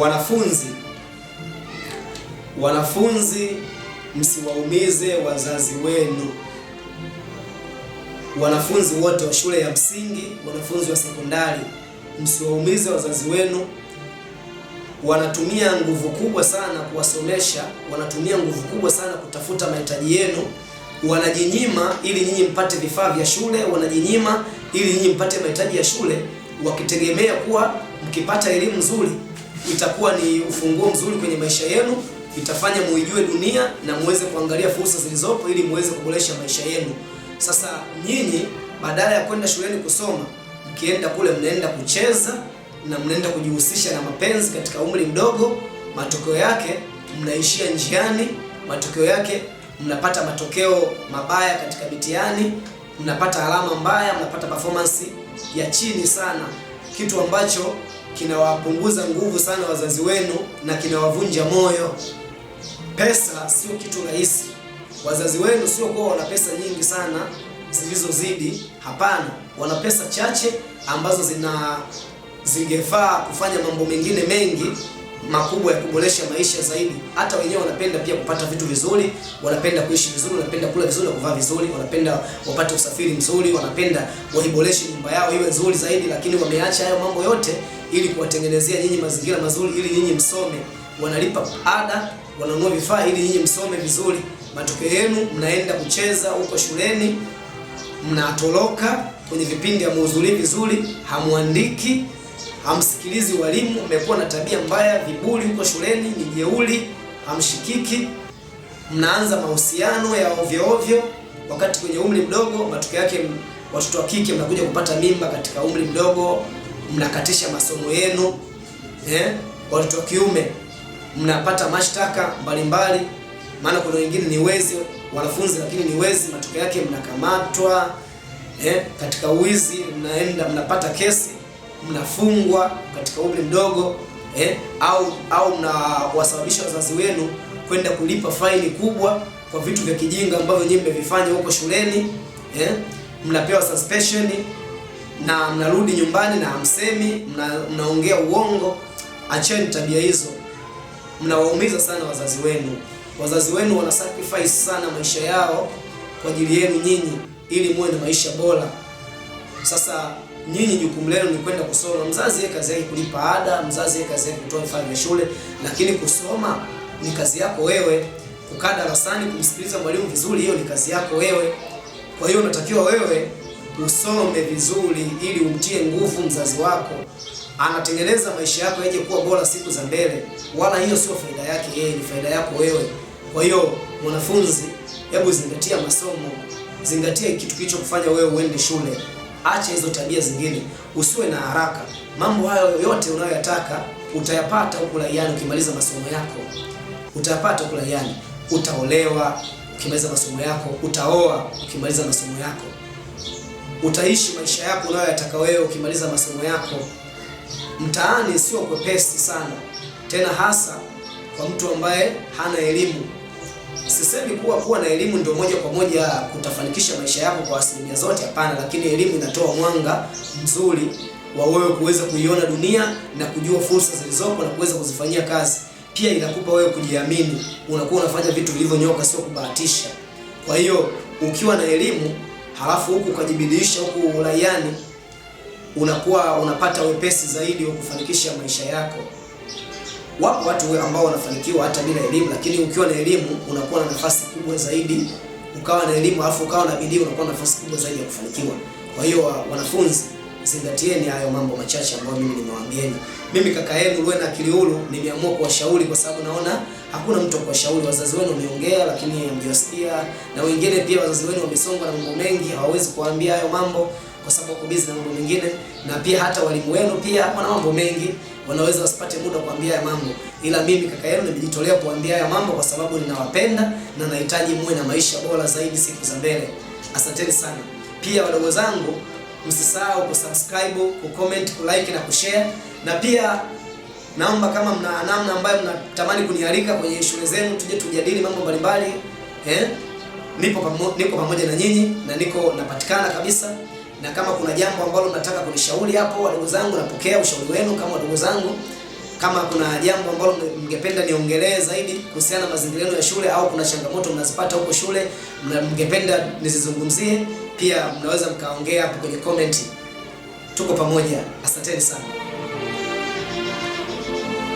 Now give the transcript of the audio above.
wanafunzi, wanafunzi msiwaumize wazazi wenu. Wanafunzi wote wa shule ya msingi, wanafunzi wa sekondari, msiwaumize wazazi wenu. Wanatumia nguvu kubwa sana kuwasomesha, wanatumia nguvu kubwa sana kutafuta mahitaji yenu wanajinyima ili nyinyi mpate vifaa vya shule, wanajinyima ili nyinyi mpate mahitaji ya shule, wakitegemea kuwa mkipata elimu nzuri itakuwa ni ufunguo mzuri kwenye maisha yenu, itafanya muijue dunia na muweze kuangalia fursa zilizopo ili muweze kuboresha maisha yenu. Sasa nyinyi badala ya kwenda shuleni kusoma, mkienda kule mnaenda kucheza na mnaenda kujihusisha na mapenzi katika umri mdogo, matokeo yake mnaishia njiani, matokeo yake mnapata matokeo mabaya katika mitihani, mnapata alama mbaya, mnapata performance ya chini sana, kitu ambacho kinawapunguza nguvu sana wazazi wenu na kinawavunja moyo. Pesa sio kitu rahisi. Wazazi wenu sio kuwa wana pesa nyingi sana zilizozidi. Hapana, wana pesa chache ambazo zina zingefaa kufanya mambo mengine mengi makubwa ya kuboresha maisha zaidi. Hata wenyewe wanapenda pia kupata vitu vizuri, wanapenda kuishi vizuri, wanapenda kula vizuri na kuvaa vizuri, wanapenda wapate usafiri mzuri, wanapenda waiboreshe nyumba yao iwe nzuri zaidi, lakini wameacha hayo mambo yote ili kuwatengenezea nyinyi mazingira mazuri ili nyinyi msome, wanalipa ada, wananunua vifaa ili nyinyi msome vizuri. Matokeo yenu mnaenda kucheza huko shuleni, mnatoroka kwenye vipindi, hamuhudhurii vizuri, hamuandiki, hamsikilizi walimu, mmekuwa na tabia mbaya, viburi huko shuleni, ni jeuri, hamshikiki, mnaanza mahusiano ya ovyo ovyo wakati kwenye umri mdogo. Matokeo yake watoto wa kike mnakuja kupata mimba katika umri mdogo mnakatisha masomo yenu eh? Watoto kiume mnapata mashtaka mbalimbali, maana kuna wengine ni wezi wanafunzi, lakini ni wezi, matokeo yake mnakamatwa eh? Katika wizi mnaenda mnapata kesi, mnafungwa katika umri mdogo eh? Au au mnawasababisha wazazi wenu kwenda kulipa faini kubwa kwa vitu vya kijinga ambavyo nyinyi mmevifanya huko shuleni eh? Mnapewa suspension na mnarudi nyumbani na hamsemi, mnaongea mna uongo. Acheni tabia hizo, mnawaumiza sana wazazi wenu. Wazazi wenu wana sacrifice sana maisha yao kwa ajili yenu nyinyi, ili muwe na maisha bora. Sasa nyinyi jukumu lenu ni kwenda kusoma. Mzazi yeye kazi yake kulipa ada, mzazi yeye kazi yake kutoa vifaa vya shule, lakini kusoma ni kazi yako wewe. Kukaa darasani kumsikiliza mwalimu vizuri, hiyo ni kazi yako wewe. Kwa hiyo unatakiwa wewe usome vizuri, ili umtie nguvu mzazi wako, anatengeneza maisha yako yaje kuwa bora siku za mbele, wala hiyo sio faida yake yeye, ni faida yako wewe. Kwa hiyo mwanafunzi, hebu zingatia masomo, zingatia kitu kufanya wewe uende shule. Acha hizo tabia zingine, usiwe na haraka. Mambo hayo yote unayoyataka utayapata huko laiani. Ukimaliza masomo yako utayapata huko laiani. Utaolewa ukimaliza masomo yako, utaoa ukimaliza masomo yako utaishi maisha yako nayo yataka wewe. Ukimaliza masomo yako, mtaani sio kwepesi sana, tena hasa kwa mtu ambaye hana elimu. Sisemi kuwa kuwa na elimu ndio moja kwa moja kutafanikisha maisha yako kwa asilimia zote, hapana, lakini elimu inatoa mwanga mzuri wa wewe kuweza kuiona dunia na kujua fursa zilizopo na kuweza kuzifanyia kazi. Pia inakupa wewe kujiamini, unakuwa unafanya vitu vilivyonyoka, sio kubahatisha. Kwa hiyo ukiwa na elimu halafu huku ukajibidiisha huku uraiani, unakuwa unapata wepesi zaidi wa kufanikisha maisha yako. Wapo watu ambao wanafanikiwa hata bila elimu, lakini ukiwa na elimu unakuwa na nafasi kubwa zaidi. Ukawa na elimu alafu ukawa na bidii, unakuwa na nafasi kubwa zaidi ya kufanikiwa. Kwa hiyo wanafunzi zingatieni hayo mambo machache ambayo mimi nimewaambieni. Mimi kaka yenu Luwena Kiliulu niliamua kuwashauri kwa sababu naona hakuna mtu kuwashauri. Wazazi wenu wameongea, lakini hamjasikia, na wengine pia wazazi wenu wamesongwa na mambo mengi, hawawezi kuambia hayo mambo kwa sababu wako busy na mambo mengine, na pia hata walimu wenu pia wana mambo mengi, wanaweza wasipate muda kuambia hayo mambo, ila mimi kaka yenu nimejitolea kuambia hayo mambo kwa sababu ninawapenda na nahitaji muwe na maisha bora zaidi siku za mbele. Asanteni sana pia wadogo zangu msisahau kusubscribe, kucomment, kulike na kushare, na pia naomba kama mna namna ambayo mnatamani kunialika kwenye shule zenu tuje tujadili mambo mbalimbali eh? Nipo pamo, niko pamoja na nyinyi na niko napatikana kabisa, na kama kuna jambo ambalo mnataka kunishauri hapo, wadogo zangu, napokea ushauri wenu kama wadogo zangu kama kuna jambo ambalo mngependa niongelee zaidi kuhusiana na mazingira ya shule au kuna changamoto mnazipata huko shule mngependa nizizungumzie, pia mnaweza mkaongea hapo kwenye comment. Tuko pamoja, asanteni sana.